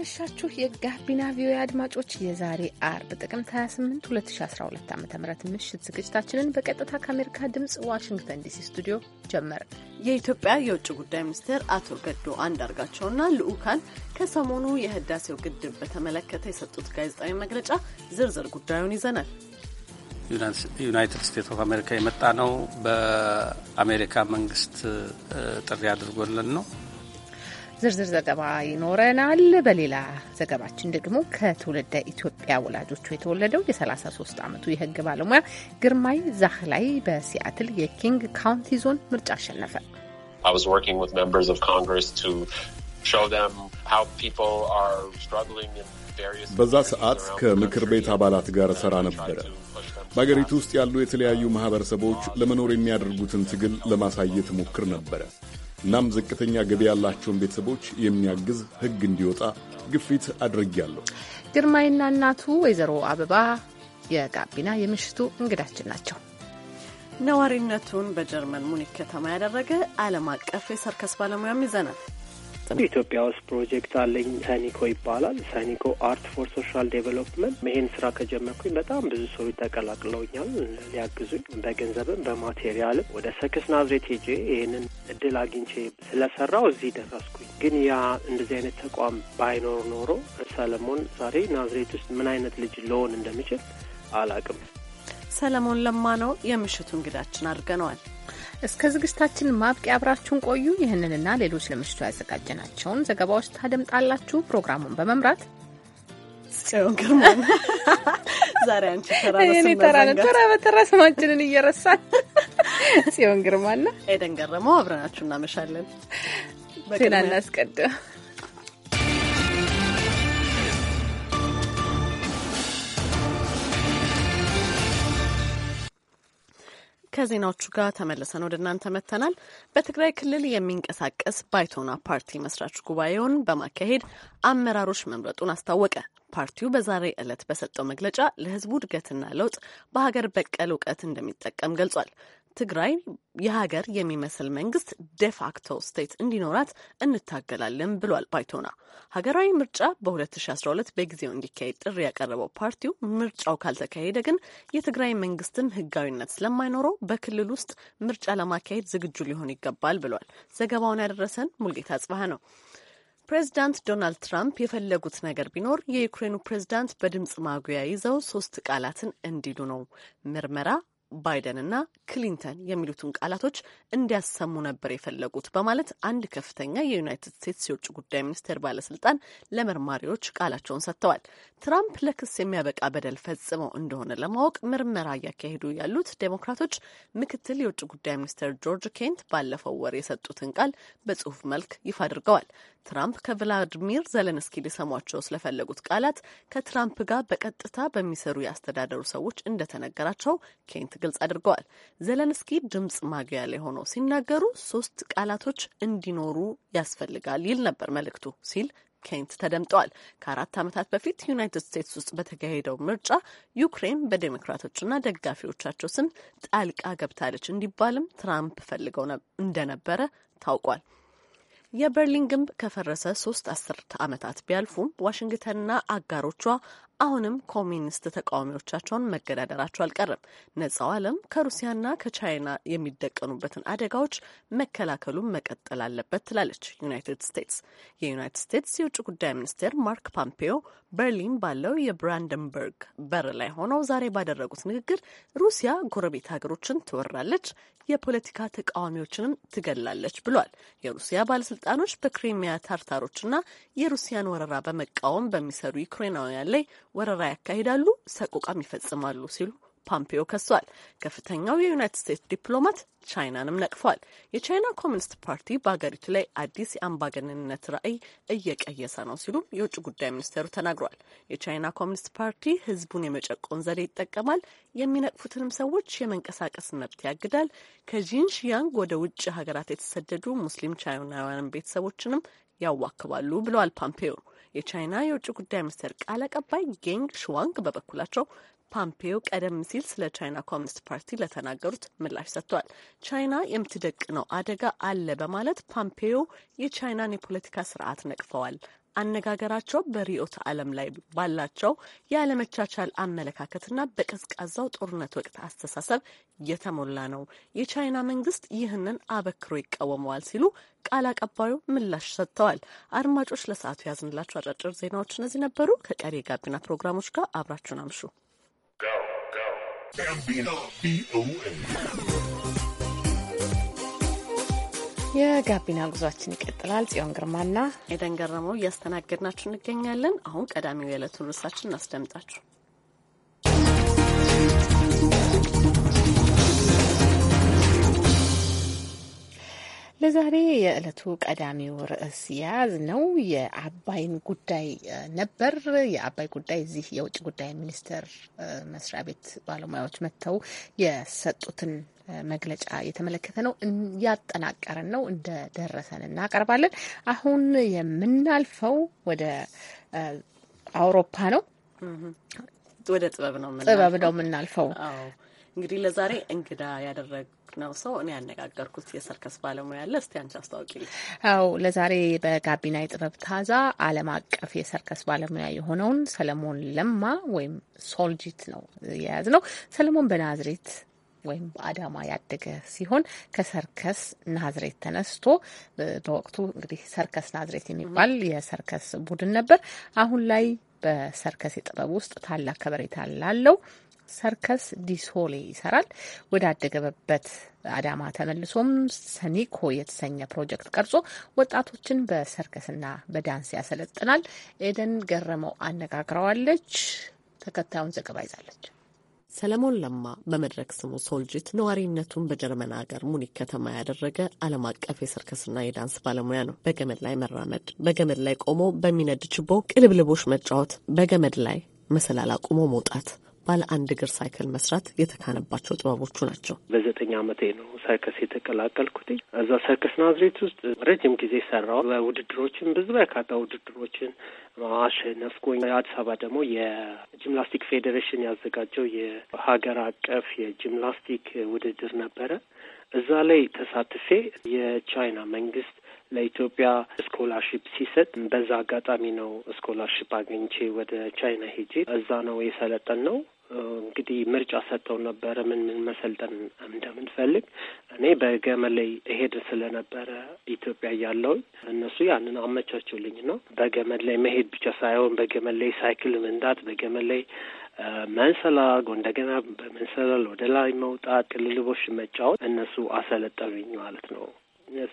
እንደምናመሻችሁ የጋቢና ቪኦኤ አድማጮች የዛሬ አርብ ጥቅምት 28 2012 ዓ ም ምሽት ዝግጅታችንን በቀጥታ ከአሜሪካ ድምፅ ዋሽንግተን ዲሲ ስቱዲዮ ጀመር የኢትዮጵያ የውጭ ጉዳይ ሚኒስትር አቶ ገዱ አንዳርጋቸውና ልዑካን ከሰሞኑ የህዳሴው ግድብ በተመለከተ የሰጡት ጋዜጣዊ መግለጫ ዝርዝር ጉዳዩን ይዘናል። ዩናይትድ ስቴትስ ኦፍ አሜሪካ የመጣ ነው። በአሜሪካ መንግስት ጥሪ አድርጎልን ነው ዝርዝር ዘገባ ይኖረናል። በሌላ ዘገባችን ደግሞ ከትውልደ ኢትዮጵያ ወላጆቹ የተወለደው የ33 ዓመቱ የሕግ ባለሙያ ግርማይ ዛህላይ በሲያትል የኪንግ ካውንቲ ዞን ምርጫ አሸነፈ። በዛ ሰዓት ከምክር ቤት አባላት ጋር ሰራ ነበረ። በአገሪቱ ውስጥ ያሉ የተለያዩ ማህበረሰቦች ለመኖር የሚያደርጉትን ትግል ለማሳየት ሞክር ነበረ። እናም ዝቅተኛ ገቢ ያላቸውን ቤተሰቦች የሚያግዝ ሕግ እንዲወጣ ግፊት አድርጌያለሁ። ግርማይና እናቱ ወይዘሮ አበባ የጋቢና የምሽቱ እንግዳችን ናቸው። ነዋሪነቱን በጀርመን ሙኒክ ከተማ ያደረገ ዓለም አቀፍ የሰርከስ ባለሙያም ይዘናል። ነው? ኢትዮጵያ ውስጥ ፕሮጀክት አለኝ ሰኒኮ ይባላል። ሰኒኮ አርት ፎር ሶሻል ዴቨሎፕመንት። ይሄን ስራ ከጀመርኩኝ በጣም ብዙ ሰዎች ተቀላቅለውኛል ሊያግዙኝ፣ በገንዘብም በማቴሪያልም። ወደ ሰክስ ናዝሬት ሄጄ ይህንን እድል አግኝቼ ስለሰራው እዚህ ደረስኩኝ። ግን ያ እንደዚህ አይነት ተቋም ባይኖር ኖሮ ሰለሞን ዛሬ ናዝሬት ውስጥ ምን አይነት ልጅ ልሆን እንደሚችል አላቅም። ሰለሞን ለማ ነው የምሽቱ እንግዳችን አድርገነዋል። እስከ ዝግጅታችን ማብቂያ አብራችሁን ቆዩ። ይህንንና ሌሎች ለምሽቱ ያዘጋጀናቸውን ዘገባዎች ታደምጣላችሁ። ፕሮግራሙን በመምራት ጽዮን ግርማ። ዛሬ አንቺ ተራ ተራ በተራ ስማችንን እየረሳን ጽዮን ግርማና ኤደን ገረመው አብረናችሁ እናመሻለን። ዜና እናስቀድም። ከዜናዎቹ ጋር ተመልሰን ወደ እናንተ መጥተናል። በትግራይ ክልል የሚንቀሳቀስ ባይቶና ፓርቲ መስራች ጉባኤውን በማካሄድ አመራሮች መምረጡን አስታወቀ። ፓርቲው በዛሬ ዕለት በሰጠው መግለጫ ለሕዝቡ እድገትና ለውጥ በሀገር በቀል እውቀት እንደሚጠቀም ገልጿል። ትግራይ የሀገር የሚመስል መንግስት ዴፋክቶ ስቴት እንዲኖራት እንታገላለን ብሏል ባይቶና። ሀገራዊ ምርጫ በ2012 በጊዜው እንዲካሄድ ጥሪ ያቀረበው ፓርቲው ምርጫው ካልተካሄደ ግን የትግራይ መንግስትም ህጋዊነት ስለማይኖረው በክልል ውስጥ ምርጫ ለማካሄድ ዝግጁ ሊሆን ይገባል ብሏል። ዘገባውን ያደረሰን ሙልጌታ ጽባህ ነው። ፕሬዚዳንት ዶናልድ ትራምፕ የፈለጉት ነገር ቢኖር የዩክሬኑ ፕሬዚዳንት በድምፅ ማጉያ ይዘው ሶስት ቃላትን እንዲሉ ነው ምርመራ ባይደንና ክሊንተን የሚሉትን ቃላቶች እንዲያሰሙ ነበር የፈለጉት በማለት አንድ ከፍተኛ የዩናይትድ ስቴትስ የውጭ ጉዳይ ሚኒስቴር ባለስልጣን ለመርማሪዎች ቃላቸውን ሰጥተዋል። ትራምፕ ለክስ የሚያበቃ በደል ፈጽመው እንደሆነ ለማወቅ ምርመራ እያካሄዱ ያሉት ዴሞክራቶች ምክትል የውጭ ጉዳይ ሚኒስትር ጆርጅ ኬንት ባለፈው ወር የሰጡትን ቃል በጽሁፍ መልክ ይፋ አድርገዋል። ትራምፕ ከቭላድሚር ዘለንስኪ ሊሰሟቸው ስለፈለጉት ቃላት ከትራምፕ ጋር በቀጥታ በሚሰሩ የአስተዳደሩ ሰዎች እንደተነገራቸው ኬንት ግልጽ አድርገዋል። ዘለንስኪ ድምጽ ማግያ ላይ ሆነው ሲናገሩ ሶስት ቃላቶች እንዲኖሩ ያስፈልጋል ይል ነበር መልእክቱ ሲል ኬንት ተደምጠዋል። ከአራት ዓመታት በፊት ዩናይትድ ስቴትስ ውስጥ በተካሄደው ምርጫ ዩክሬን በዴሞክራቶችና ደጋፊዎቻቸው ስም ጣልቃ ገብታለች እንዲባልም ትራምፕ ፈልገው እንደነበረ ታውቋል። የበርሊን ግንብ ከፈረሰ ሶስት አስርት ዓመታት ቢያልፉም ዋሽንግተንና አጋሮቿ አሁንም ኮሚኒስት ተቃዋሚዎቻቸውን መገዳደራቸው አልቀርም። ነጻው ዓለም ከሩሲያና ከቻይና የሚደቀኑበትን አደጋዎች መከላከሉን መቀጠል አለበት ትላለች ዩናይትድ ስቴትስ። የዩናይትድ ስቴትስ የውጭ ጉዳይ ሚኒስቴር ማርክ ፖምፔዮ በርሊን ባለው የብራንደንበርግ በር ላይ ሆነው ዛሬ ባደረጉት ንግግር ሩሲያ ጎረቤት ሀገሮችን ትወራለች፣ የፖለቲካ ተቃዋሚዎችንም ትገላለች ብሏል። የሩሲያ ባለስልጣኖች በክሪሚያ ታርታሮችና የሩሲያን ወረራ በመቃወም በሚሰሩ ዩክሬናውያን ላይ ወረራ ያካሂዳሉ፣ ሰቆቃም ይፈጽማሉ ሲሉ ፓምፒዮ ከሷል። ከፍተኛው የዩናይትድ ስቴትስ ዲፕሎማት ቻይናንም ነቅፏል። የቻይና ኮሚኒስት ፓርቲ በሀገሪቱ ላይ አዲስ የአምባገነንነት ራዕይ እየቀየሰ ነው ሲሉም የውጭ ጉዳይ ሚኒስቴሩ ተናግሯል። የቻይና ኮሚኒስት ፓርቲ ህዝቡን የመጨቆን ዘዴ ይጠቀማል፣ የሚነቅፉትንም ሰዎች የመንቀሳቀስ መብት ያግዳል፣ ከጂንሽያንግ ወደ ውጭ ሀገራት የተሰደዱ ሙስሊም ቻይናውያን ቤተሰቦችንም ያዋክባሉ ብለዋል ፓምፔዮ። የቻይና የውጭ ጉዳይ ሚኒስቴር ቃል አቀባይ ጌንግ ሽዋንግ በበኩላቸው ፓምፔዮ ቀደም ሲል ስለ ቻይና ኮሚኒስት ፓርቲ ለተናገሩት ምላሽ ሰጥቷል። ቻይና የምትደቅነው አደጋ አለ በማለት ፓምፔዮ የቻይናን የፖለቲካ ስርዓት ነቅፈዋል። አነጋገራቸው በርዕዮተ ዓለም ላይ ባላቸው የአለመቻቻል አመለካከትና በቀዝቃዛው ጦርነት ወቅት አስተሳሰብ የተሞላ ነው። የቻይና መንግስት ይህንን አበክሮ ይቃወመዋል ሲሉ ቃል አቀባዩ ምላሽ ሰጥተዋል። አድማጮች፣ ለሰዓቱ የያዝንላቸው አጫጭር ዜናዎች እነዚህ ነበሩ። ከቀሪ የጋቢና ፕሮግራሞች ጋር አብራችሁን አምሹ። የጋቢና ጉዟችን ይቀጥላል። ጽዮን ግርማና ኤደን ገረመው እያስተናገድናችሁ እንገኛለን። አሁን ቀዳሚው የዕለቱን ርዕሳችን እናስደምጣችሁ። ለዛሬ የዕለቱ ቀዳሚው ርዕስ የያዝ ነው የአባይን ጉዳይ ነበር። የአባይ ጉዳይ እዚህ የውጭ ጉዳይ ሚኒስቴር መስሪያ ቤት ባለሙያዎች መጥተው የሰጡትን መግለጫ የተመለከተ ነው። እያጠናቀረን ነው፣ እንደደረሰን እናቀርባለን። አሁን የምናልፈው ወደ አውሮፓ ነው፣ ወደ ጥበብ ነው ጥበብ ነው የምናልፈው። እንግዲህ ለዛሬ እንግዳ ያደረግነው ሰው እኔ ያነጋገርኩት የሰርከስ ባለሙያ አለ። እስቲ አንቺ አስታውቂ። አው ለዛሬ በጋቢና የጥበብ ታዛ ዓለም አቀፍ የሰርከስ ባለሙያ የሆነውን ሰለሞን ለማ ወይም ሶልጂት ነው የያዝ ነው። ሰለሞን በናዝሬት ወይም በአዳማ ያደገ ሲሆን ከሰርከስ ናዝሬት ተነስቶ በወቅቱ እንግዲህ ሰርከስ ናዝሬት የሚባል የሰርከስ ቡድን ነበር። አሁን ላይ በሰርከስ የጥበብ ውስጥ ታላቅ ከበሬታ ላለው ሰርከስ ዲሶሌ ይሰራል። ወዳደገበት አዳማ ተመልሶም ሰኒኮ የተሰኘ ፕሮጀክት ቀርጾ ወጣቶችን በሰርከስና በዳንስ ያሰለጥናል። ኤደን ገረመው አነጋግረዋለች። ተከታዩን ዘገባ ይዛለች። ሰለሞን ለማ በመድረክ ስሙ ሶልጂት ነዋሪነቱን በጀርመን ሀገር ሙኒክ ከተማ ያደረገ ዓለም አቀፍ የሰርከስና የዳንስ ባለሙያ ነው። በገመድ ላይ መራመድ፣ በገመድ ላይ ቆሞ በሚነድ ችቦ ቅልብልቦች መጫወት፣ በገመድ ላይ መሰላል አቁሞ መውጣት ባለ አንድ እግር ሳይክል መስራት የተካነባቸው ጥበቦቹ ናቸው። በዘጠኝ አመቴ ነው ሰርከስ የተቀላቀልኩት። እዛ ሰርከስ ናዝሬት ውስጥ ረጅም ጊዜ ሰራው። ውድድሮችን ብዙ በርካታ ውድድሮችን አሸነፍኩኝ። አዲስ አበባ ደግሞ የጂምናስቲክ ፌዴሬሽን ያዘጋጀው የሀገር አቀፍ የጂምናስቲክ ውድድር ነበረ። እዛ ላይ ተሳትፌ የቻይና መንግስት ለኢትዮጵያ ስኮላርሽፕ ሲሰጥ በዛ አጋጣሚ ነው ስኮላርሽፕ አግኝቼ ወደ ቻይና ሄጄ እዛ ነው የሰለጠን ነው። እንግዲህ ምርጫ ሰጠው ነበረ ምን ምን መሰልጠን እንደምንፈልግ። እኔ በገመድ ላይ እሄድ ስለነበረ ኢትዮጵያ እያለሁኝ እነሱ ያንን አመቻቸውልኝ ነው። በገመድ ላይ መሄድ ብቻ ሳይሆን በገመድ ላይ ሳይክል መንዳት፣ በገመድ ላይ መንሰላግ፣ እንደገና በመንሰላል ወደ ላይ መውጣት፣ ቅልልቦሽ መጫወት እነሱ አሰለጠኑኝ ማለት ነው።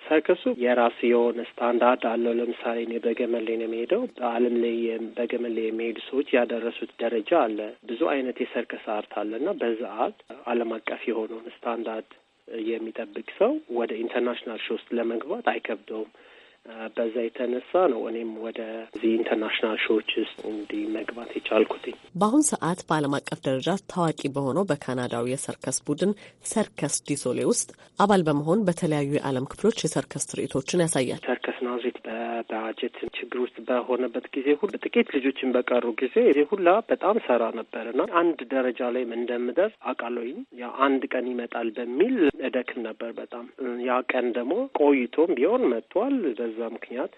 ሰርከሱ የራሱ የሆነ ስታንዳርድ አለው። ለምሳሌ እኔ በገመሌ ነው የሚሄደው። በዓለም ላይ በገመሌ የሚሄዱ ሰዎች ያደረሱት ደረጃ አለ። ብዙ አይነት የሰርከስ አርት አለና በዛ አርት ዓለም አቀፍ የሆነውን ስታንዳርድ የሚጠብቅ ሰው ወደ ኢንተርናሽናል ሾ ውስጥ ለመግባት አይከብደውም። በዛ የተነሳ ነው እኔም ወደዚህ ኢንተርናሽናል ሾዎች ውስጥ እንዲህ መግባት የቻልኩትኝ። በአሁን ሰዓት በዓለም አቀፍ ደረጃ ታዋቂ በሆነው በካናዳዊ የሰርከስ ቡድን ሰርከስ ዲሶሌ ውስጥ አባል በመሆን በተለያዩ የዓለም ክፍሎች የሰርከስ ትርኢቶችን ያሳያል። በናዝሬት በባጀት ችግር ውስጥ በሆነበት ጊዜ ሁሉ ጥቂት ልጆችን በቀሩ ጊዜ ይሄ ሁላ በጣም ሰራ ነበር እና አንድ ደረጃ ላይ እንደምደርስ አውቃለሁኝ። ያ አንድ ቀን ይመጣል በሚል እደክም ነበር በጣም። ያ ቀን ደግሞ ቆይቶም ቢሆን መጥቷል። በዛ ምክንያት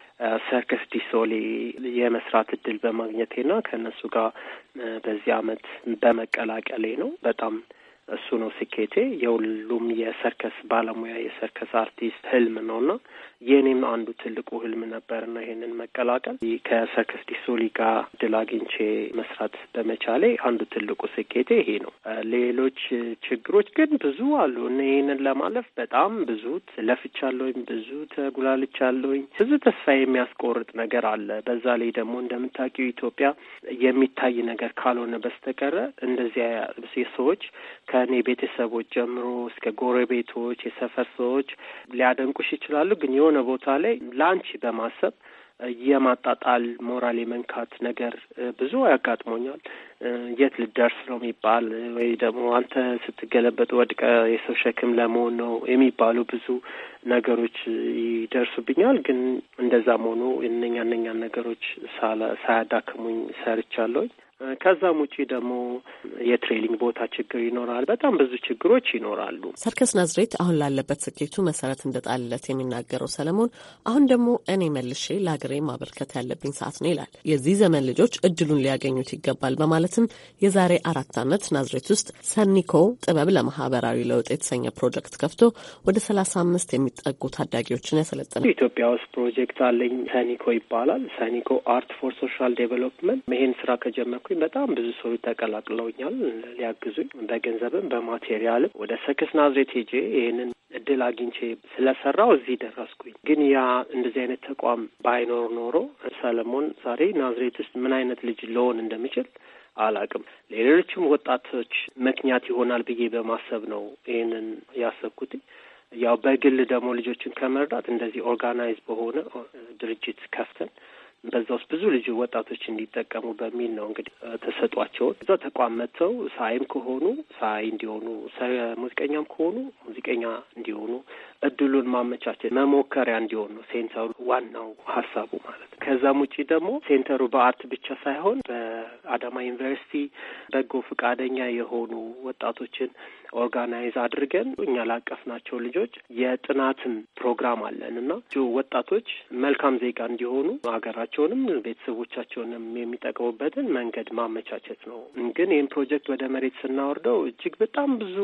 ሰርከስ ዲሶሌ የመስራት እድል በማግኘቴና ከእነሱ ጋር በዚህ አመት በመቀላቀሌ ነው በጣም እሱ ነው ስኬቴ። የሁሉም የሰርከስ ባለሙያ የሰርከስ አርቲስት ህልም ነውና የእኔም አንዱ ትልቁ ህልም ነበርና ይሄንን መቀላቀል ከሰርከስ ዲሶሊ ጋር ድል አግኝቼ መስራት በመቻሌ አንዱ ትልቁ ስኬቴ ይሄ ነው። ሌሎች ችግሮች ግን ብዙ አሉ እና ይህንን ለማለፍ በጣም ብዙ ለፍቻለሁኝ፣ ብዙ ተጉላልቻለሁኝ። ብዙ ተስፋ የሚያስቆርጥ ነገር አለ። በዛ ላይ ደግሞ እንደምታውቂው ኢትዮጵያ የሚታይ ነገር ካልሆነ በስተቀረ እንደዚያ ሰዎች ከእኔ ቤተሰቦች ጀምሮ እስከ ጎረቤቶች፣ የሰፈር ሰዎች ሊያደንቁሽ ይችላሉ ግን የሆነ ቦታ ላይ ላንቺ በማሰብ የማጣጣል ሞራል የመንካት ነገር ብዙ ያጋጥሞኛል። የት ልደርስ ነው የሚባል ወይ ደግሞ አንተ ስትገለበጥ ወድቀ የሰው ሸክም ለመሆን ነው የሚባሉ ብዙ ነገሮች ይደርሱብኛል። ግን እንደዛም ሆኖ እነኛ እነኛን ነገሮች ሳያዳክሙኝ ሰርቻለሁኝ። ከዛም ውጪ ደግሞ የትሬኒንግ ቦታ ችግር ይኖራል። በጣም ብዙ ችግሮች ይኖራሉ። ሰርከስ ናዝሬት አሁን ላለበት ስኬቱ መሰረት እንደጣልለት የሚናገረው ሰለሞን አሁን ደግሞ እኔ መልሼ ለሀገሬ ማበርከት ያለብኝ ሰዓት ነው ይላል። የዚህ ዘመን ልጆች እድሉን ሊያገኙት ይገባል በማለትም የዛሬ አራት ዓመት ናዝሬት ውስጥ ሰኒኮ ጥበብ ለማህበራዊ ለውጥ የተሰኘ ፕሮጀክት ከፍቶ ወደ ሰላሳ አምስት የሚጠጉ ታዳጊዎችን ያሰለጠነ ኢትዮጵያ ውስጥ ፕሮጀክት አለኝ። ሰኒኮ ይባላል። ሰኒኮ አርት ፎር ሶሻል ዴቨሎፕመንት። ይሄን ስራ ከጀመርኩ እያልኩኝ በጣም ብዙ ሰው ተቀላቅለውኛል ሊያግዙኝ በገንዘብም በማቴሪያልም። ወደ ሰክስ ናዝሬት ሄጄ ይህንን እድል አግኝቼ ስለሰራው እዚህ ደረስኩኝ። ግን ያ እንደዚህ አይነት ተቋም ባይኖር ኖሮ ሰለሞን ዛሬ ናዝሬት ውስጥ ምን አይነት ልጅ ልሆን እንደሚችል አላቅም። ለሌሎችም ወጣቶች ምክንያት ይሆናል ብዬ በማሰብ ነው ይህንን ያሰብኩት። ያው በግል ደግሞ ልጆችን ከመርዳት እንደዚህ ኦርጋናይዝ በሆነ ድርጅት ከፍተን በዛ ውስጥ ብዙ ልጅ ወጣቶች እንዲጠቀሙ በሚል ነው እንግዲህ ተሰጧቸው እዛ ተቋም መጥተው ሳይም ከሆኑ ሳይ እንዲሆኑ ሙዚቀኛም ከሆኑ ሙዚቀኛ እንዲሆኑ እድሉን ማመቻቸት መሞከሪያ እንዲሆን ነው ሴንተሩ ዋናው ሀሳቡ ማለት ነው። ከዛም ውጪ ደግሞ ሴንተሩ በአርት ብቻ ሳይሆን በአዳማ ዩኒቨርሲቲ በጎ ፈቃደኛ የሆኑ ወጣቶችን ኦርጋናይዝ አድርገን እኛ ላቀፍናቸው ልጆች የጥናትን ፕሮግራም አለን እና ወጣቶች መልካም ዜጋ እንዲሆኑ ሀገራቸውንም ቤተሰቦቻቸውንም የሚጠቅሙበትን መንገድ ማመቻቸት ነው። ግን ይህን ፕሮጀክት ወደ መሬት ስናወርደው እጅግ በጣም ብዙ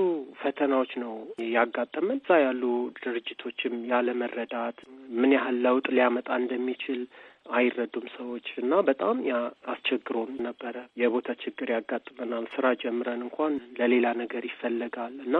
ፈተናዎች ነው ያጋጠመን። እዛ ያሉ ድርጅቶችም ያለመረዳት ምን ያህል ለውጥ ሊያመጣ እንደሚችል አይረዱም ሰዎች እና በጣም ያ አስቸግሮም ነበረ። የቦታ ችግር ያጋጥመናል። ስራ ጀምረን እንኳን ለሌላ ነገር ይፈለጋል እና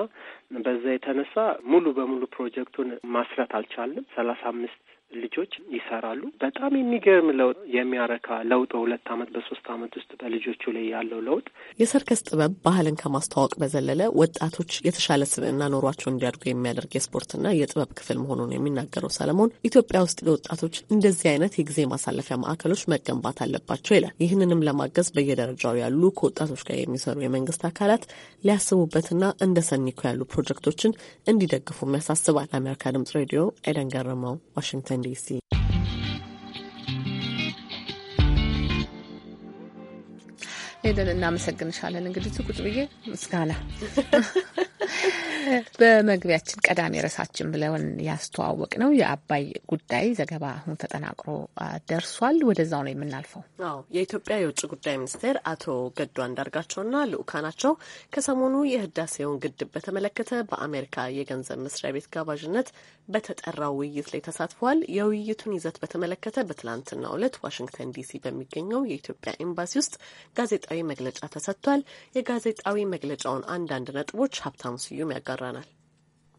በዛ የተነሳ ሙሉ በሙሉ ፕሮጀክቱን ማስረት አልቻልም ሰላሳ አምስት ልጆች ይሰራሉ። በጣም የሚገርም ለውጥ የሚያረካ ለውጥ በሁለት አመት በሶስት አመት ውስጥ በልጆቹ ላይ ያለው ለውጥ የሰርከስ ጥበብ ባህልን ከማስተዋወቅ በዘለለ ወጣቶች የተሻለ ስብዕና ኖሯቸው እንዲያድጉ የሚያደርግ የስፖርትና የጥበብ ክፍል መሆኑን የሚናገረው ሰለሞን ኢትዮጵያ ውስጥ ለወጣቶች እንደዚህ አይነት የጊዜ ማሳለፊያ ማዕከሎች መገንባት አለባቸው ይላል። ይህንንም ለማገዝ በየደረጃው ያሉ ከወጣቶች ጋር የሚሰሩ የመንግስት አካላት ሊያስቡበትና እንደ ሰኒኮ ያሉ ፕሮጀክቶችን እንዲደግፉ ያሳስባል። ለአሜሪካ ድምጽ ሬዲዮ ኤደን ገረመው ዋሽንግተን ዋሽንግተን ዲሲ። ሄደን እናመሰግንሻለን። እንግዲህ ቁጭ ብዬ ምስጋና በመግቢያችን ቀዳሚ ርዕሳችን ብለውን ያስተዋወቅ ነው የአባይ ጉዳይ ዘገባ አሁን ተጠናቅሮ ደርሷል። ወደዛው ነው የምናልፈው። አዎ የኢትዮጵያ የውጭ ጉዳይ ሚኒስቴር አቶ ገዱ አንዳርጋቸውና ልኡካናቸው ከሰሞኑ የህዳሴውን ግድብ በተመለከተ በአሜሪካ የገንዘብ መስሪያ ቤት ጋባዥነት በተጠራው ውይይት ላይ ተሳትፈዋል። የውይይቱን ይዘት በተመለከተ በትላንትናው ዕለት ዋሽንግተን ዲሲ በሚገኘው የኢትዮጵያ ኤምባሲ ውስጥ ጋዜጣዊ መግለጫ ተሰጥቷል። የጋዜጣዊ መግለጫውን አንዳንድ ነጥቦች ሀብታሙ ስዩም ያጋ ያጋራናል።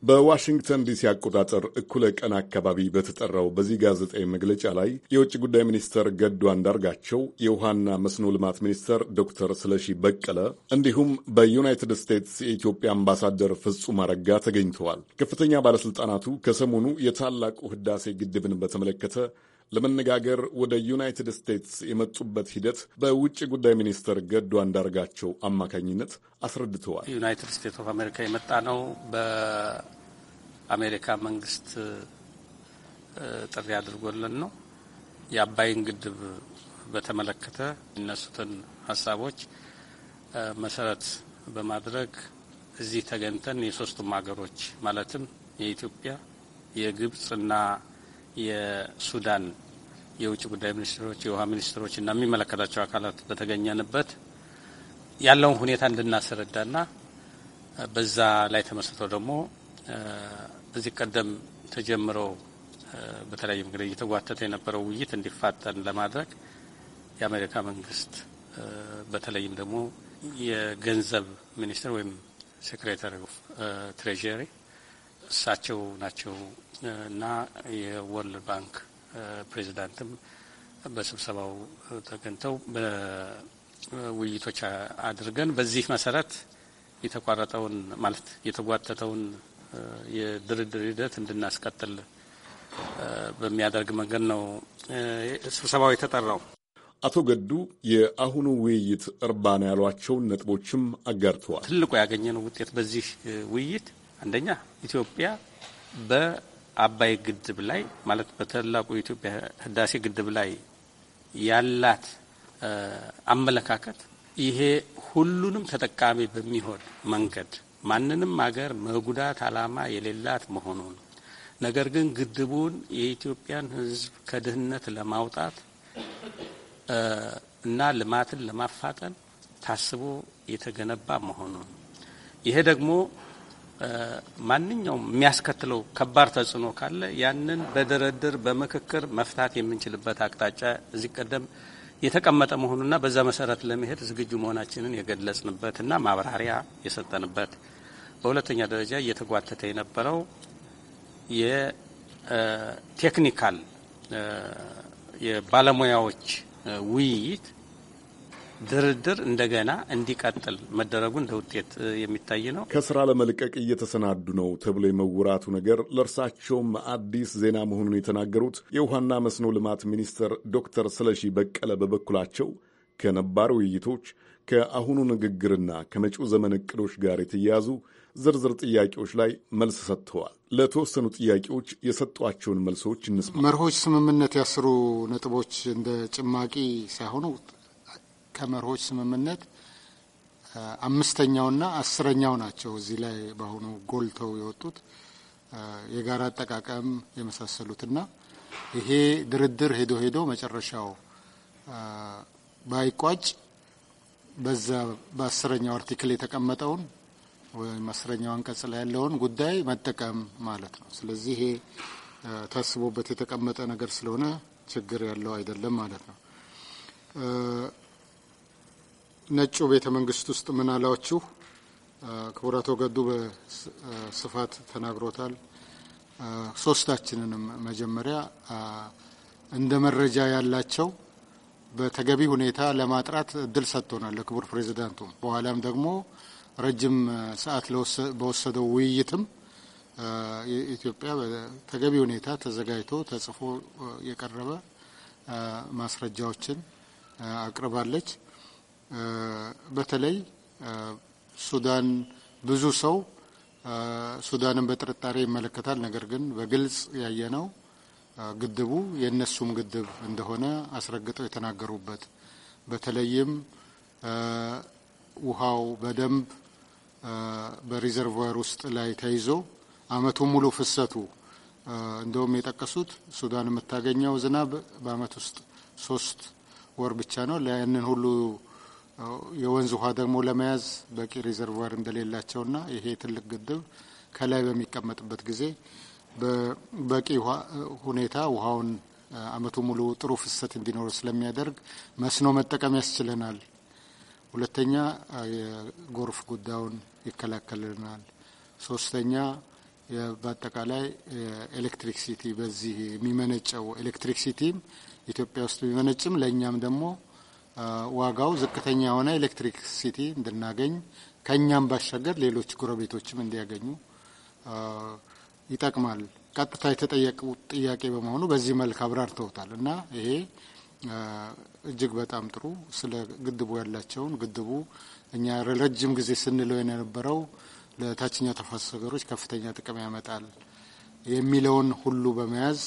በዋሽንግተን ዲሲ አቆጣጠር እኩለ ቀን አካባቢ በተጠራው በዚህ ጋዜጣዊ መግለጫ ላይ የውጭ ጉዳይ ሚኒስተር ገዱ አንዳርጋቸው፣ የውሃና መስኖ ልማት ሚኒስተር ዶክተር ስለሺ በቀለ እንዲሁም በዩናይትድ ስቴትስ የኢትዮጵያ አምባሳደር ፍጹም አረጋ ተገኝተዋል። ከፍተኛ ባለስልጣናቱ ከሰሞኑ የታላቁ ህዳሴ ግድብን በተመለከተ ለመነጋገር ወደ ዩናይትድ ስቴትስ የመጡበት ሂደት በውጭ ጉዳይ ሚኒስትር ገዱ አንዳርጋቸው አማካኝነት አስረድተዋል። ዩናይትድ ስቴትስ ኦፍ አሜሪካ የመጣ ነው በአሜሪካ መንግስት ጥሪ አድርጎልን ነው። የአባይን ግድብ በተመለከተ የሚነሱትን ሀሳቦች መሰረት በማድረግ እዚህ ተገኝተን የሶስቱም ሀገሮች ማለትም የኢትዮጵያ የግብጽና የሱዳን የውጭ ጉዳይ ሚኒስትሮች፣ የውሃ ሚኒስትሮች እና የሚመለከታቸው አካላት በተገኘንበት ያለውን ሁኔታ እንድናስረዳና በዛ ላይ ተመስርቶ ደግሞ እዚህ ቀደም ተጀምረው በተለያየ መንገድ እየተጓተተ የነበረው ውይይት እንዲፋጠን ለማድረግ የአሜሪካ መንግስት በተለይም ደግሞ የገንዘብ ሚኒስትር ወይም ሴክሬታሪ ኦፍ እሳቸው ናቸው እና የወርልድ ባንክ ፕሬዚዳንትም በስብሰባው ተገኝተው በውይይቶች አድርገን በዚህ መሰረት የተቋረጠውን ማለት የተጓተተውን የድርድር ሂደት እንድናስቀጥል በሚያደርግ መንገድ ነው ስብሰባው የተጠራው። አቶ ገዱ የአሁኑ ውይይት እርባን ያሏቸውን ነጥቦችም አጋርተዋል። ትልቁ ያገኘነው ውጤት በዚህ ውይይት አንደኛ ኢትዮጵያ በ አባይ ግድብ ላይ ማለት በታላቁ የኢትዮጵያ ህዳሴ ግድብ ላይ ያላት አመለካከት ይሄ ሁሉንም ተጠቃሚ በሚሆን መንገድ ማንንም አገር መጉዳት ዓላማ የሌላት መሆኑን ነገር ግን ግድቡን የኢትዮጵያን ህዝብ ከድህነት ለማውጣት እና ልማትን ለማፋጠን ታስቦ የተገነባ መሆኑን ይሄ ደግሞ ማንኛውም የሚያስከትለው ከባድ ተጽዕኖ ካለ ያንን በድርድር በምክክር መፍታት የምንችልበት አቅጣጫ እዚህ ቀደም የተቀመጠ መሆኑና በዛ መሰረት ለመሄድ ዝግጁ መሆናችንን የገለጽንበትና ማብራሪያ የሰጠንበት፣ በሁለተኛ ደረጃ እየተጓተተ የነበረው የቴክኒካል የባለሙያዎች ውይይት ድርድር እንደገና እንዲቀጥል መደረጉ እንደ ውጤት የሚታይ ነው። ከስራ ለመልቀቅ እየተሰናዱ ነው ተብሎ የመወራቱ ነገር ለእርሳቸውም አዲስ ዜና መሆኑን የተናገሩት የውሃና መስኖ ልማት ሚኒስትር ዶክተር ስለሺ በቀለ በበኩላቸው ከነባር ውይይቶች ከአሁኑ ንግግርና ከመጪው ዘመን እቅዶች ጋር የተያያዙ ዝርዝር ጥያቄዎች ላይ መልስ ሰጥተዋል። ለተወሰኑ ጥያቄዎች የሰጧቸውን መልሶች እንስማ። መርሆች ስምምነት ያስሩ ነጥቦች እንደ ጭማቂ ሳይሆኑ ከመርሆች ስምምነት አምስተኛውና አስረኛው ናቸው። እዚህ ላይ በአሁኑ ጎልተው የወጡት የጋራ አጠቃቀም የመሳሰሉትና ይሄ ድርድር ሄዶ ሄዶ መጨረሻው ባይቋጭ በዛ በአስረኛው አርቲክል የተቀመጠውን ወይም አስረኛው አንቀጽ ላይ ያለውን ጉዳይ መጠቀም ማለት ነው። ስለዚህ ይሄ ታስቦበት የተቀመጠ ነገር ስለሆነ ችግር ያለው አይደለም ማለት ነው። ነጩ ቤተ መንግስት ውስጥ ምን አላችሁ? ክቡር አቶ ገዱ በስፋት ተናግሮታል። ሶስታችንንም መጀመሪያ እንደ መረጃ ያላቸው በተገቢ ሁኔታ ለማጥራት እድል ሰጥቶናል ለክቡር ፕሬዚዳንቱ። በኋላም ደግሞ ረጅም ሰዓት በወሰደው ውይይትም ኢትዮጵያ በተገቢ ሁኔታ ተዘጋጅቶ ተጽፎ የቀረበ ማስረጃዎችን አቅርባለች። በተለይ ሱዳን ብዙ ሰው ሱዳንን በጥርጣሬ ይመለከታል። ነገር ግን በግልጽ ያየነው ግድቡ የእነሱም ግድብ እንደሆነ አስረግጠው የተናገሩበት በተለይም ውሃው በደንብ በሪዘርቫር ውስጥ ላይ ተይዞ አመቱ ሙሉ ፍሰቱ እንደውም የጠቀሱት ሱዳን የምታገኘው ዝናብ በአመት ውስጥ ሶስት ወር ብቻ ነው። ለያንን ሁሉ የወንዝ ውሃ ደግሞ ለመያዝ በቂ ሪዘርቫር እንደሌላቸውና ይሄ ትልቅ ግድብ ከላይ በሚቀመጥበት ጊዜ በቂ ሁኔታ ውሃውን አመቱ ሙሉ ጥሩ ፍሰት እንዲኖር ስለሚያደርግ መስኖ መጠቀም ያስችለናል። ሁለተኛ የጎርፍ ጉዳዩን ይከላከልናል። ሶስተኛ በአጠቃላይ ኤሌክትሪክ ሲቲ በዚህ የሚመነጨው ኤሌክትሪክ ሲቲም ኢትዮጵያ ውስጥ የሚመነጭም ለእኛም ደግሞ ዋጋው ዝቅተኛ የሆነ ኤሌክትሪክ ሲቲ እንድናገኝ ከእኛም ባሻገር ሌሎች ጎረቤቶችም እንዲያገኙ ይጠቅማል። ቀጥታ የተጠየቁት ጥያቄ በመሆኑ በዚህ መልክ አብራርተውታል እና ይሄ እጅግ በጣም ጥሩ ስለ ግድቡ ያላቸውን ግድቡ እኛ ረጅም ጊዜ ስንለው የነበረው ለታችኛው ተፋሰስ ሀገሮች ከፍተኛ ጥቅም ያመጣል የሚለውን ሁሉ በመያዝ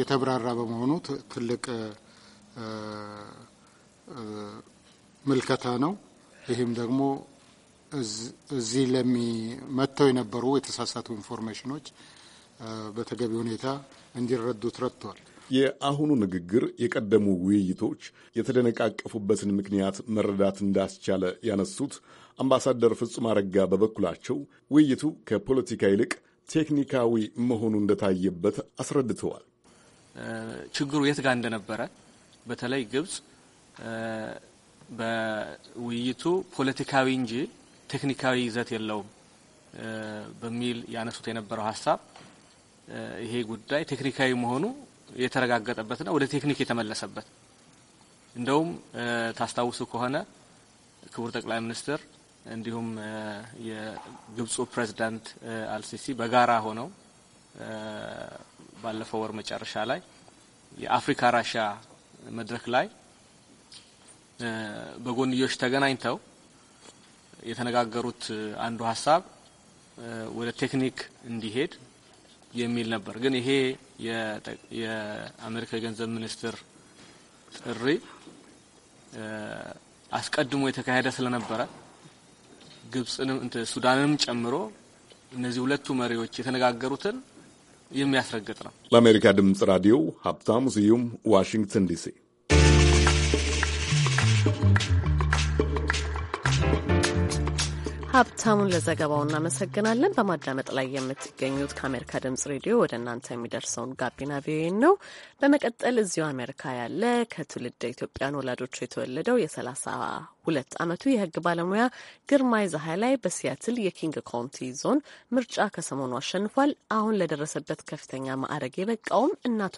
የተብራራ በመሆኑ ትልቅ ምልከታ ነው። ይህም ደግሞ እዚህ ለሚመጥተው የነበሩ የተሳሳቱ ኢንፎርሜሽኖች በተገቢ ሁኔታ እንዲረዱት ረድተዋል። የአሁኑ ንግግር የቀደሙ ውይይቶች የተደነቃቀፉበትን ምክንያት መረዳት እንዳስቻለ ያነሱት አምባሳደር ፍጹም አረጋ በበኩላቸው ውይይቱ ከፖለቲካ ይልቅ ቴክኒካዊ መሆኑ እንደታየበት አስረድተዋል። ችግሩ የት ጋር እንደነበረ በተለይ ግብጽ በውይይቱ ፖለቲካዊ እንጂ ቴክኒካዊ ይዘት የለውም በሚል ያነሱት የነበረው ሀሳብ ይሄ ጉዳይ ቴክኒካዊ መሆኑ የተረጋገጠበትና ወደ ቴክኒክ የተመለሰበት እንደውም ታስታውሱ ከሆነ ክቡር ጠቅላይ ሚኒስትር እንዲሁም የግብፁ ፕሬዚዳንት አልሲሲ በጋራ ሆነው ባለፈው ወር መጨረሻ ላይ የአፍሪካ ራሽያ መድረክ ላይ በጎንዮሽ ተገናኝተው የተነጋገሩት አንዱ ሀሳብ ወደ ቴክኒክ እንዲሄድ የሚል ነበር። ግን ይሄ የአሜሪካ የገንዘብ ሚኒስትር ጥሪ አስቀድሞ የተካሄደ ስለነበረ ግብጽንም ሱዳንንም ጨምሮ እነዚህ ሁለቱ መሪዎች የተነጋገሩትን የሚያስረግጥ ነው። ለአሜሪካ ድምጽ ራዲዮ ሀብታሙ ስዩም ዋሽንግተን ዲሲ ሀብታሙን ለዘገባው እናመሰግናለን። በማዳመጥ ላይ የምትገኙት ከአሜሪካ ድምጽ ሬዲዮ ወደ እናንተ የሚደርሰውን ጋቢና ቪኦኤ ነው። በመቀጠል እዚሁ አሜሪካ ያለ ከትውልድ ኢትዮጵያን ወላጆቹ የተወለደው የሰላሳ ሁለት ዓመቱ የህግ ባለሙያ ግርማይ ዛሀ ላይ በሲያትል የኪንግ ካውንቲ ዞን ምርጫ ከሰሞኑ አሸንፏል። አሁን ለደረሰበት ከፍተኛ ማዕረግ የበቃውም እናቱ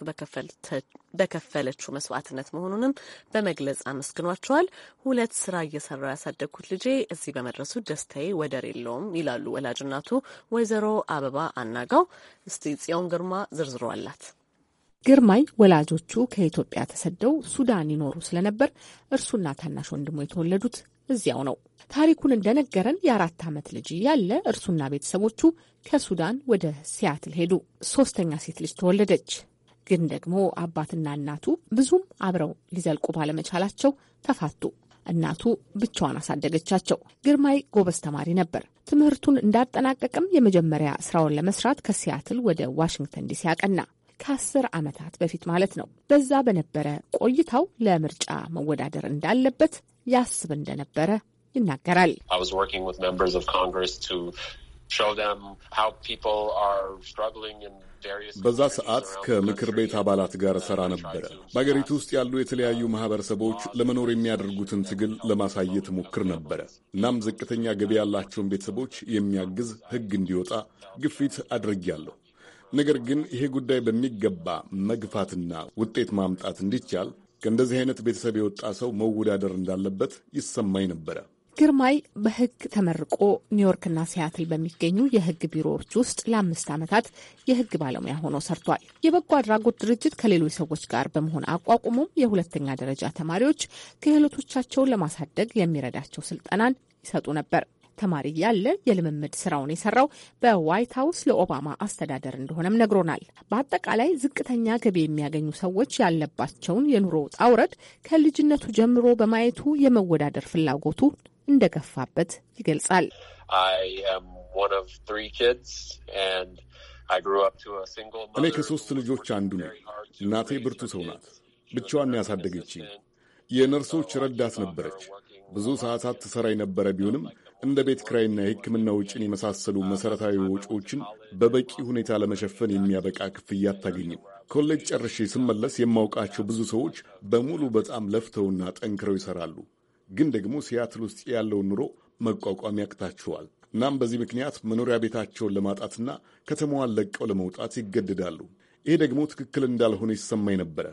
በከፈለችው መስዋዕትነት መሆኑንም በመግለጽ አመስግኗቸዋል። ሁለት ስራ እየሰራው ያሳደግኩት ልጄ እዚህ በመድረሱ ደስታዬ ወደር የለውም ይላሉ ወላጅናቱ እናቱ ወይዘሮ አበባ አናጋው። እስቲ ጽዮን ግርማ ዝርዝሮ አላት። ግርማይ ወላጆቹ ከኢትዮጵያ ተሰደው ሱዳን ይኖሩ ስለነበር እርሱና ታናሽ ወንድሞ የተወለዱት እዚያው ነው። ታሪኩን እንደነገረን የአራት ዓመት ልጅ እያለ እርሱና ቤተሰቦቹ ከሱዳን ወደ ሲያትል ሄዱ። ሶስተኛ ሴት ልጅ ተወለደች። ግን ደግሞ አባትና እናቱ ብዙም አብረው ሊዘልቁ ባለመቻላቸው ተፋቱ። እናቱ ብቻዋን አሳደገቻቸው። ግርማይ ጎበዝ ተማሪ ነበር። ትምህርቱን እንዳጠናቀቅም የመጀመሪያ ስራውን ለመስራት ከሲያትል ወደ ዋሽንግተን ዲሲ አቀና። ከአስር ዓመታት በፊት ማለት ነው። በዛ በነበረ ቆይታው ለምርጫ መወዳደር እንዳለበት ያስብ እንደነበረ ይናገራል። በዛ ሰዓት ከምክር ቤት አባላት ጋር ሰራ ነበረ። በአገሪቱ ውስጥ ያሉ የተለያዩ ማህበረሰቦች ለመኖር የሚያደርጉትን ትግል ለማሳየት ሞክር ነበረ። እናም ዝቅተኛ ገቢ ያላቸውን ቤተሰቦች የሚያግዝ ሕግ እንዲወጣ ግፊት አድርጌያለሁ። ነገር ግን ይሄ ጉዳይ በሚገባ መግፋትና ውጤት ማምጣት እንዲቻል ከእንደዚህ አይነት ቤተሰብ የወጣ ሰው መወዳደር እንዳለበት ይሰማኝ ነበረ። ግርማይ በሕግ ተመርቆ ኒውዮርክና ሲያትል በሚገኙ የሕግ ቢሮዎች ውስጥ ለአምስት ዓመታት የሕግ ባለሙያ ሆኖ ሰርቷል። የበጎ አድራጎት ድርጅት ከሌሎች ሰዎች ጋር በመሆን አቋቁሞም የሁለተኛ ደረጃ ተማሪዎች ክህሎቶቻቸውን ለማሳደግ የሚረዳቸው ስልጠናን ይሰጡ ነበር። ተማሪ ያለ የልምምድ ስራውን የሰራው በዋይት ሀውስ ለኦባማ አስተዳደር እንደሆነም ነግሮናል። በአጠቃላይ ዝቅተኛ ገቢ የሚያገኙ ሰዎች ያለባቸውን የኑሮ ውጣ ውረድ ከልጅነቱ ጀምሮ በማየቱ የመወዳደር ፍላጎቱ እንደገፋበት ይገልጻል። እኔ ከሶስት ልጆች አንዱ ነኝ። እናቴ ብርቱ ሰው ናት። ብቻዋን ያሳደገችኝ የነርሶች ረዳት ነበረች። ብዙ ሰዓታት ትሠራ የነበረ ቢሆንም እንደ ቤት ክራይና የሕክምና ውጭን የመሳሰሉ መሠረታዊ ወጪዎችን በበቂ ሁኔታ ለመሸፈን የሚያበቃ ክፍያ አታገኝም። ኮሌጅ ጨርሼ ስመለስ የማውቃቸው ብዙ ሰዎች በሙሉ በጣም ለፍተውና ጠንክረው ይሰራሉ ግን ደግሞ ሲያትል ውስጥ ያለውን ኑሮ መቋቋም ያቅታቸዋል። እናም በዚህ ምክንያት መኖሪያ ቤታቸውን ለማጣትና ከተማዋን ለቀው ለመውጣት ይገድዳሉ። ይሄ ደግሞ ትክክል እንዳልሆነ ይሰማኝ ነበረ።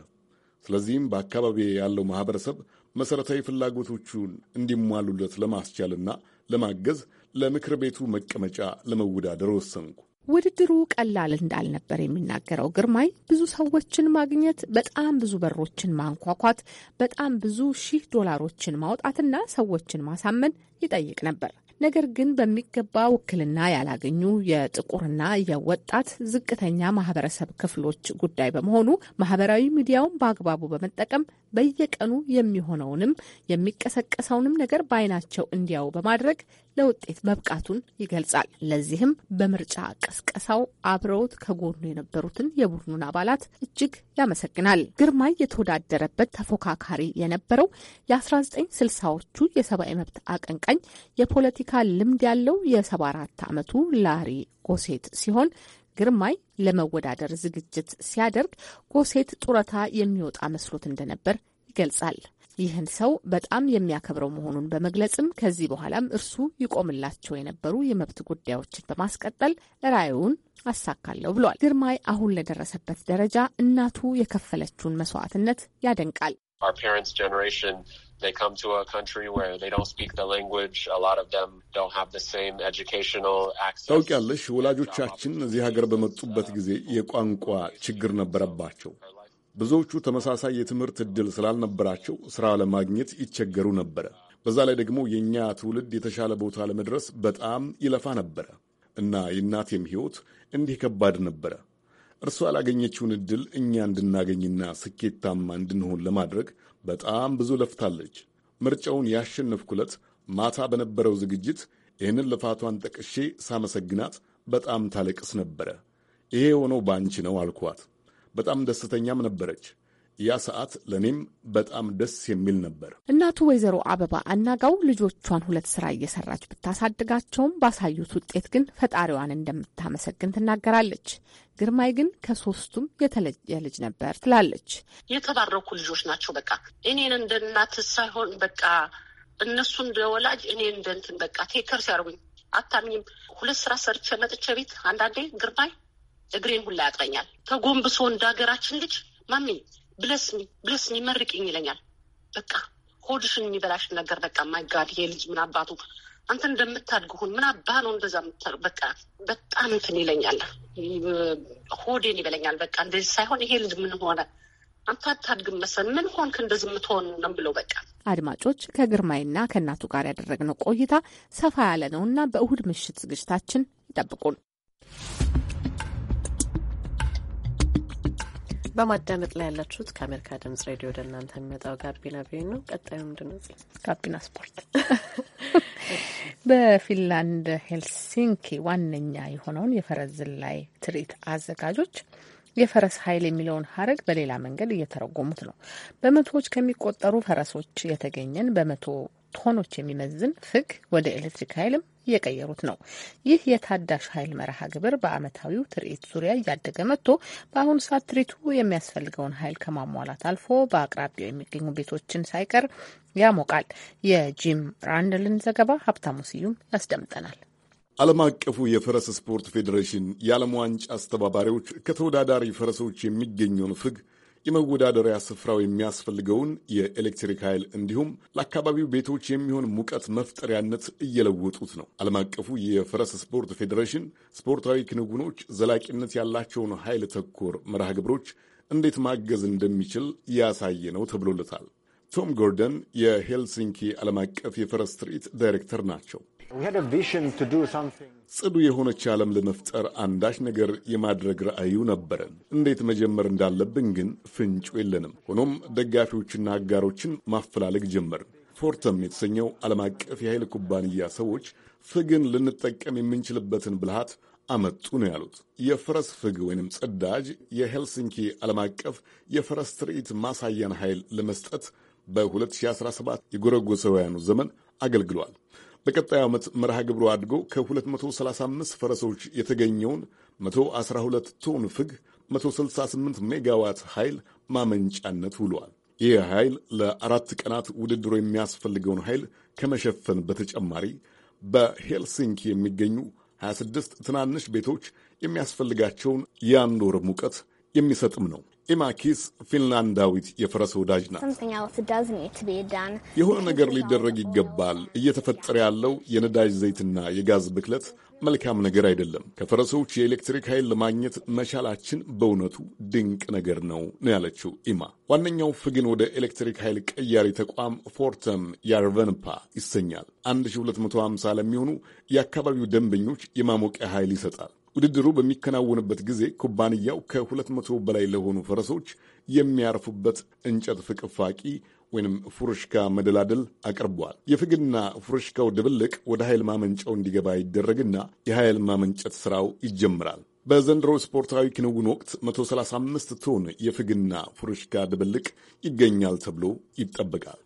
ስለዚህም በአካባቢ ያለው ማኅበረሰብ መሠረታዊ ፍላጎቶቹን እንዲሟሉለት ለማስቻልና ለማገዝ ለምክር ቤቱ መቀመጫ ለመወዳደር ወሰንኩ። ውድድሩ ቀላል እንዳልነበር የሚናገረው ግርማይ ብዙ ሰዎችን ማግኘት፣ በጣም ብዙ በሮችን ማንኳኳት፣ በጣም ብዙ ሺህ ዶላሮችን ማውጣትና ሰዎችን ማሳመን ይጠይቅ ነበር። ነገር ግን በሚገባ ውክልና ያላገኙ የጥቁርና የወጣት ዝቅተኛ ማህበረሰብ ክፍሎች ጉዳይ በመሆኑ ማህበራዊ ሚዲያውን በአግባቡ በመጠቀም በየቀኑ የሚሆነውንም የሚቀሰቀሰውንም ነገር በአይናቸው እንዲያው በማድረግ ለውጤት መብቃቱን ይገልጻል። ለዚህም በምርጫ ቀስቀሳው አብረውት ከጎኑ የነበሩትን የቡድኑን አባላት እጅግ ያመሰግናል። ግርማይ የተወዳደረበት ተፎካካሪ የነበረው የ1960ዎቹ የሰብአዊ መብት አቀንቃኝ የፖለቲካ ልምድ ያለው የ74 ዓመቱ ላሪ ጎሴት ሲሆን ግርማይ ለመወዳደር ዝግጅት ሲያደርግ ጎሴት ጡረታ የሚወጣ መስሎት እንደነበር ይገልጻል። ይህን ሰው በጣም የሚያከብረው መሆኑን በመግለጽም ከዚህ በኋላም እርሱ ይቆምላቸው የነበሩ የመብት ጉዳዮችን በማስቀጠል ራዩን አሳካለሁ ብሏል። ግርማይ አሁን ለደረሰበት ደረጃ እናቱ የከፈለችውን መስዋዕትነት ያደንቃል። ታውቂያለሽ፣ ወላጆቻችን እዚህ ሀገር በመጡበት ጊዜ የቋንቋ ችግር ነበረባቸው። ብዙዎቹ ተመሳሳይ የትምህርት ዕድል ስላልነበራቸው ሥራ ለማግኘት ይቸገሩ ነበረ። በዛ ላይ ደግሞ የእኛ ትውልድ የተሻለ ቦታ ለመድረስ በጣም ይለፋ ነበረ እና የእናቴም ሕይወት እንዲህ ከባድ ነበረ። እርሷ ያላገኘችውን ዕድል እኛ እንድናገኝና ስኬታማ እንድንሆን ለማድረግ በጣም ብዙ ለፍታለች። ምርጫውን ያሸንፍኩለት ማታ በነበረው ዝግጅት ይህንን ልፋቷን ጠቅሼ ሳመሰግናት በጣም ታለቅስ ነበረ። ይሄ የሆነው በአንቺ ነው አልኳት። በጣም ደስተኛም ነበረች። ያ ሰዓት ለእኔም በጣም ደስ የሚል ነበር። እናቱ ወይዘሮ አበባ አናጋው ልጆቿን ሁለት ስራ እየሰራች ብታሳድጋቸውም ባሳዩት ውጤት ግን ፈጣሪዋን እንደምታመሰግን ትናገራለች። ግርማይ ግን ከሶስቱም የተለየ ልጅ ነበር ትላለች። የተባረኩ ልጆች ናቸው። በቃ እኔን እንደ እናት ሳይሆን በቃ እነሱ እንደ ወላጅ እኔን እንደ እንትን በቃ ቴከር ሲያርጉኝ አታምኝም። ሁለት ስራ ሰርቼ መጥቼ ቤት አንዳንዴ ግርማይ እግሬን ሁላ ያጥረኛል። ተጎንብሶ እንደ ሀገራችን ልጅ ማሚ ብለስሚ ብለስሚ መርቅኝ ይለኛል። በቃ ሆድሽን የሚበላሽን ነገር በቃ ማይጋድ ይሄ ልጅ ምን አባቱ አንተ እንደምታድግሁን ምን አባ ነው እንደዛ ምታ በቃ በጣም እንትን ይለኛል። ሆዴን ይበለኛል። በቃ እንደዚህ ሳይሆን ይሄ ልጅ ምን ሆነ አንተ አታድግም መሰል ምን ሆንክ እንደዚህ የምትሆን ነው ብለው በቃ። አድማጮች ከግርማይና ከእናቱ ጋር ያደረግነው ቆይታ ሰፋ ያለ ነው ነውና በእሁድ ምሽት ዝግጅታችን ይጠብቁን። በማዳመጥ ላይ ያላችሁት ከአሜሪካ ድምጽ ሬዲዮ ወደ እናንተ የሚመጣው ጋቢና ቪ ነው። ቀጣዩ ምንድን ነው? ጋቢና ስፖርት። በፊንላንድ ሄልሲንኪ ዋነኛ የሆነውን የፈረስ ዝላይ ትርኢት አዘጋጆች የፈረስ ኃይል የሚለውን ሀረግ በሌላ መንገድ እየተረጎሙት ነው። በመቶዎች ከሚቆጠሩ ፈረሶች የተገኘን በመቶ ቶኖች የሚመዝን ፍግ ወደ ኤሌክትሪክ ኃይልም እየቀየሩት ነው። ይህ የታዳሽ ኃይል መርሃ ግብር በዓመታዊው ትርኢት ዙሪያ እያደገ መጥቶ በአሁኑ ሰዓት ትርኢቱ የሚያስፈልገውን ኃይል ከማሟላት አልፎ በአቅራቢያው የሚገኙ ቤቶችን ሳይቀር ያሞቃል። የጂም ራንደልን ዘገባ ሀብታሙ ስዩም ያስደምጠናል። ዓለም አቀፉ የፈረስ ስፖርት ፌዴሬሽን የዓለም ዋንጫ አስተባባሪዎች ከተወዳዳሪ ፈረሶች የሚገኘውን ፍግ የመወዳደሪያ ስፍራው የሚያስፈልገውን የኤሌክትሪክ ኃይል እንዲሁም ለአካባቢው ቤቶች የሚሆን ሙቀት መፍጠሪያነት እየለወጡት ነው። ዓለም አቀፉ የፈረስ ስፖርት ፌዴሬሽን ስፖርታዊ ክንውኖች ዘላቂነት ያላቸውን ኃይል ተኮር መርሃ ግብሮች እንዴት ማገዝ እንደሚችል ያሳየ ነው ተብሎለታል። ቶም ጎርደን የሄልሲንኪ ዓለም አቀፍ የፈረስ ትርኢት ዳይሬክተር ናቸው። ጽዱ የሆነች ዓለም ለመፍጠር አንዳች ነገር የማድረግ ራዕዩ ነበረን። እንዴት መጀመር እንዳለብን ግን ፍንጩ የለንም። ሆኖም ደጋፊዎችና አጋሮችን ማፈላለግ ጀመርን። ፎርተም የተሰኘው ዓለም አቀፍ የኃይል ኩባንያ ሰዎች ፍግን ልንጠቀም የምንችልበትን ብልሃት አመጡ ነው ያሉት። የፈረስ ፍግ ወይንም ጽዳጅ የሄልሲንኪ ዓለም አቀፍ የፈረስ ትርኢት ማሳያን ኃይል ለመስጠት በ2017 የጎረጎሰውያኑ ዘመን አገልግሏል። በቀጣዩ ዓመት መርሃ ግብሩ አድጎ ከ235 ፈረሶች የተገኘውን 112 ቶን ፍግ 168 ሜጋዋት ኃይል ማመንጫነት ውሏል። ይህ ኃይል ለአራት ቀናት ውድድሩ የሚያስፈልገውን ኃይል ከመሸፈን በተጨማሪ በሄልሲንኪ የሚገኙ 26 ትናንሽ ቤቶች የሚያስፈልጋቸውን የአንድ ወር ሙቀት የሚሰጥም ነው። ኢማኪስ ፊንላንዳዊት የፈረስ ወዳጅ ናት። የሆነ ነገር ሊደረግ ይገባል። እየተፈጠረ ያለው የነዳጅ ዘይትና የጋዝ ብክለት መልካም ነገር አይደለም። ከፈረሶች የኤሌክትሪክ ኃይል ለማግኘት መቻላችን በእውነቱ ድንቅ ነገር ነው ነው ያለችው ኢማ። ዋነኛው ፍግን ወደ ኤሌክትሪክ ኃይል ቀያሪ ተቋም ፎርተም ያርቨንፓ ይሰኛል። 1250 ለሚሆኑ የአካባቢው ደንበኞች የማሞቂያ ኃይል ይሰጣል። ውድድሩ በሚከናወንበት ጊዜ ኩባንያው ከሁለት መቶ በላይ ለሆኑ ፈረሶች የሚያርፉበት እንጨት ፍቅፋቂ ወይም ፉርሽካ መደላደል አቅርቧል። የፍግና ፉርሽካው ድብልቅ ወደ ኃይል ማመንጫው እንዲገባ ይደረግና የኃይል ማመንጨት ሥራው ይጀምራል። በዘንድሮ ስፖርታዊ ክንውን ወቅት 135 ቶን የፍግና ፉርሽካ ድብልቅ ይገኛል ተብሎ ይጠበቃል።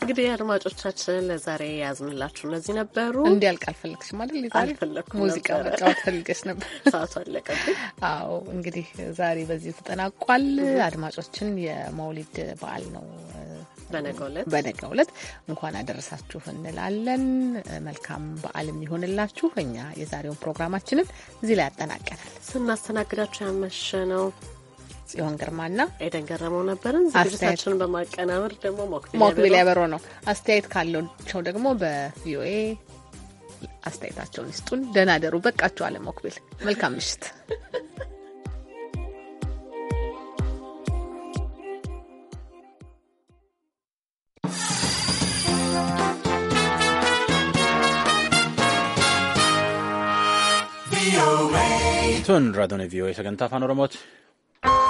እንግዲህ አድማጮቻችን ለዛሬ ያዝንላችሁ እነዚህ ነበሩ። እንዲያልቅ አልፈለግሽም አይደል? አልፈለግኩም። ሙዚቃ መጫወት ፈልገች ነበር፣ ሰዓቱ አለቀብኝ። አዎ እንግዲህ ዛሬ በዚህ ተጠናቋል። አድማጮችን የመውሊድ በዓል ነው በነገ ዕለት እንኳን አደረሳችሁ እንላለን። መልካም በዓል የሚሆንላችሁ። እኛ የዛሬውን ፕሮግራማችንን እዚህ ላይ ያጠናቀናል። ስናስተናግዳችሁ ያመሸ ነው ጽዮን ግርማና ኤደን ገረመው ነበርን። ዝግጅታችንን በማቀናበር ደግሞ ሞክቢል ያበሮ ነው። አስተያየት ካለቸው ደግሞ በቪኦኤ አስተያየታቸውን ይስጡን። ደህና ደሩ። በቃችሁ አለ ሞክቢል። መልካም ምሽት። Sunt radone vioi să cântafan oromot.